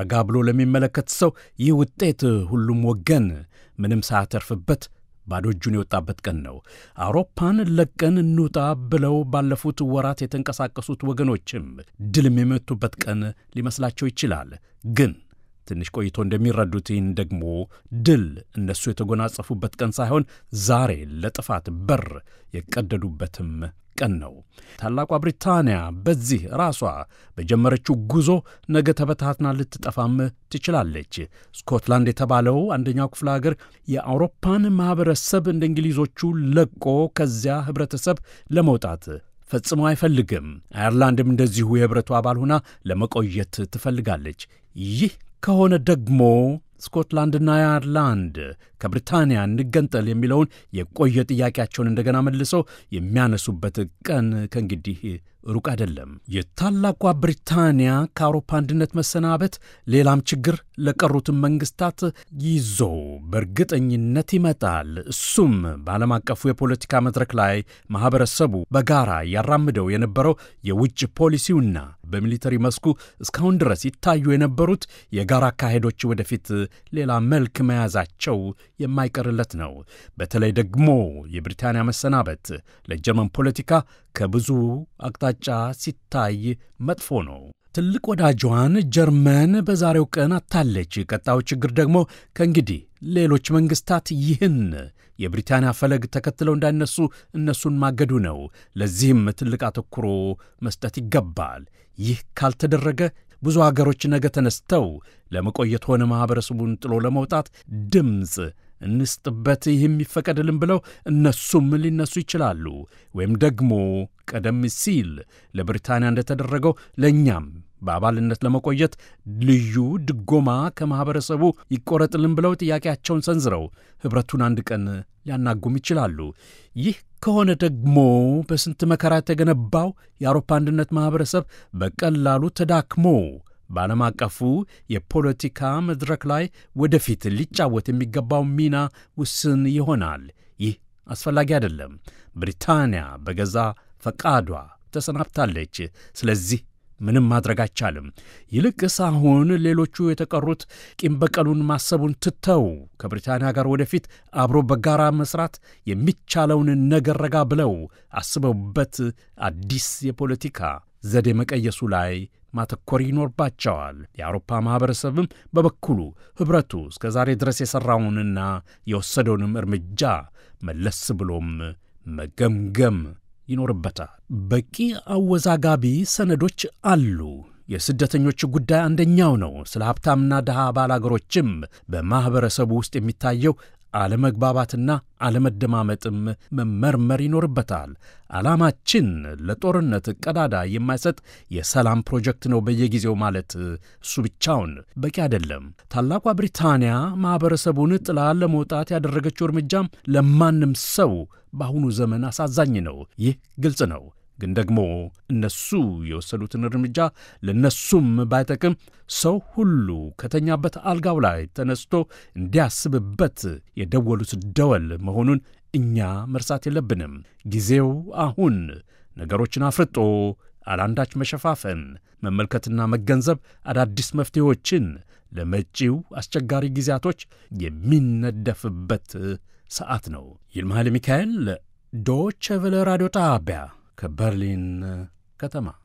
ረጋ ብሎ ለሚመለከት ሰው ይህ ውጤት ሁሉም ወገን ምንም ሳያተርፍበት ባዶ እጁን የወጣበት ቀን ነው። አውሮፓን ለቀን እንውጣ ብለው ባለፉት ወራት የተንቀሳቀሱት ወገኖችም ድል የሚመቱበት ቀን ሊመስላቸው ይችላል። ግን ትንሽ ቆይቶ እንደሚረዱት ይህን ደግሞ ድል እነሱ የተጎናጸፉበት ቀን ሳይሆን ዛሬ ለጥፋት በር የቀደዱበትም ቀን ነው። ታላቋ ብሪታንያ በዚህ ራሷ በጀመረችው ጉዞ ነገ ተበታትና ልትጠፋም ትችላለች። ስኮትላንድ የተባለው አንደኛው ክፍለ አገር የአውሮፓን ማኅበረሰብ እንደ እንግሊዞቹ ለቆ ከዚያ ኅብረተሰብ ለመውጣት ፈጽሞ አይፈልግም። አየርላንድም እንደዚሁ የኅብረቱ አባል ሆና ለመቆየት ትፈልጋለች። ይህ ከሆነ ደግሞ ስኮትላንድና አየርላንድ ከብሪታንያ እንገንጠል የሚለውን የቆየ ጥያቄያቸውን እንደገና መልሰው የሚያነሱበት ቀን ከእንግዲህ ሩቅ አይደለም። የታላቋ ብሪታንያ ከአውሮፓ አንድነት መሰናበት ሌላም ችግር ለቀሩትን መንግስታት ይዞ በእርግጠኝነት ይመጣል። እሱም በዓለም አቀፉ የፖለቲካ መድረክ ላይ ማኅበረሰቡ በጋራ ያራምደው የነበረው የውጭ ፖሊሲውና በሚሊተሪ መስኩ እስካሁን ድረስ ይታዩ የነበሩት የጋራ አካሄዶች ወደፊት ሌላ መልክ መያዛቸው የማይቀርለት ነው። በተለይ ደግሞ የብሪታንያ መሰናበት ለጀርመን ፖለቲካ ከብዙ አቅጣ አቅጣጫ ሲታይ መጥፎ ነው። ትልቅ ወዳጇን ጀርመን በዛሬው ቀን አታለች። ቀጣዩ ችግር ደግሞ ከእንግዲህ ሌሎች መንግስታት ይህን የብሪታንያ ፈለግ ተከትለው እንዳይነሱ እነሱን ማገዱ ነው። ለዚህም ትልቅ አተኩሮ መስጠት ይገባል። ይህ ካልተደረገ ብዙ አገሮች ነገ ተነስተው ለመቆየት ሆነ ማኅበረሰቡን ጥሎ ለመውጣት ድምፅ እንስጥበት የሚፈቀድልን ብለው እነሱም ሊነሱ ይችላሉ። ወይም ደግሞ ቀደም ሲል ለብሪታንያ እንደተደረገው ለእኛም በአባልነት ለመቆየት ልዩ ድጎማ ከማኅበረሰቡ ይቆረጥልን ብለው ጥያቄያቸውን ሰንዝረው ኅብረቱን አንድ ቀን ሊያናጉም ይችላሉ። ይህ ከሆነ ደግሞ በስንት መከራ የተገነባው የአውሮፓ አንድነት ማኅበረሰብ በቀላሉ ተዳክሞ በዓለም አቀፉ የፖለቲካ መድረክ ላይ ወደፊት ሊጫወት የሚገባው ሚና ውስን ይሆናል። ይህ አስፈላጊ አይደለም። ብሪታንያ በገዛ ፈቃዷ ተሰናብታለች። ስለዚህ ምንም ማድረግ አይቻልም። ይልቅስ አሁን ሌሎቹ የተቀሩት ቂም በቀሉን ማሰቡን ትተው ከብሪታንያ ጋር ወደፊት አብሮ በጋራ መስራት የሚቻለውን ነገር ረጋ ብለው አስበውበት አዲስ የፖለቲካ ዘዴ መቀየሱ ላይ ማተኮር ይኖርባቸዋል። የአውሮፓ ማኅበረሰብም በበኩሉ ኅብረቱ እስከ ዛሬ ድረስ የሠራውንና የወሰደውንም እርምጃ መለስ ብሎም መገምገም ይኖርበታል። በቂ አወዛጋቢ ሰነዶች አሉ። የስደተኞች ጉዳይ አንደኛው ነው። ስለ ሀብታምና ድሃ አባል አገሮችም በማኅበረሰቡ ውስጥ የሚታየው አለመግባባትና አለመደማመጥም መመርመር ይኖርበታል። ዓላማችን ለጦርነት ቀዳዳ የማይሰጥ የሰላም ፕሮጀክት ነው በየጊዜው ማለት እሱ ብቻውን በቂ አይደለም። ታላቋ ብሪታንያ ማኅበረሰቡን ጥላ ለመውጣት ያደረገችው እርምጃም ለማንም ሰው በአሁኑ ዘመን አሳዛኝ ነው። ይህ ግልጽ ነው። ግን ደግሞ እነሱ የወሰዱትን እርምጃ ለነሱም ባይጠቅም ሰው ሁሉ ከተኛበት አልጋው ላይ ተነስቶ እንዲያስብበት የደወሉት ደወል መሆኑን እኛ መርሳት የለብንም። ጊዜው አሁን ነገሮችን አፍርጦ አላንዳች መሸፋፈን፣ መመልከትና መገንዘብ አዳዲስ መፍትሄዎችን ለመጪው አስቸጋሪ ጊዜያቶች የሚነደፍበት ሰዓት ነው። ይልማ ኃይለ ሚካኤል ዶቼ ቬለ ራዲዮ ጣቢያ ከበርሊን ከተማ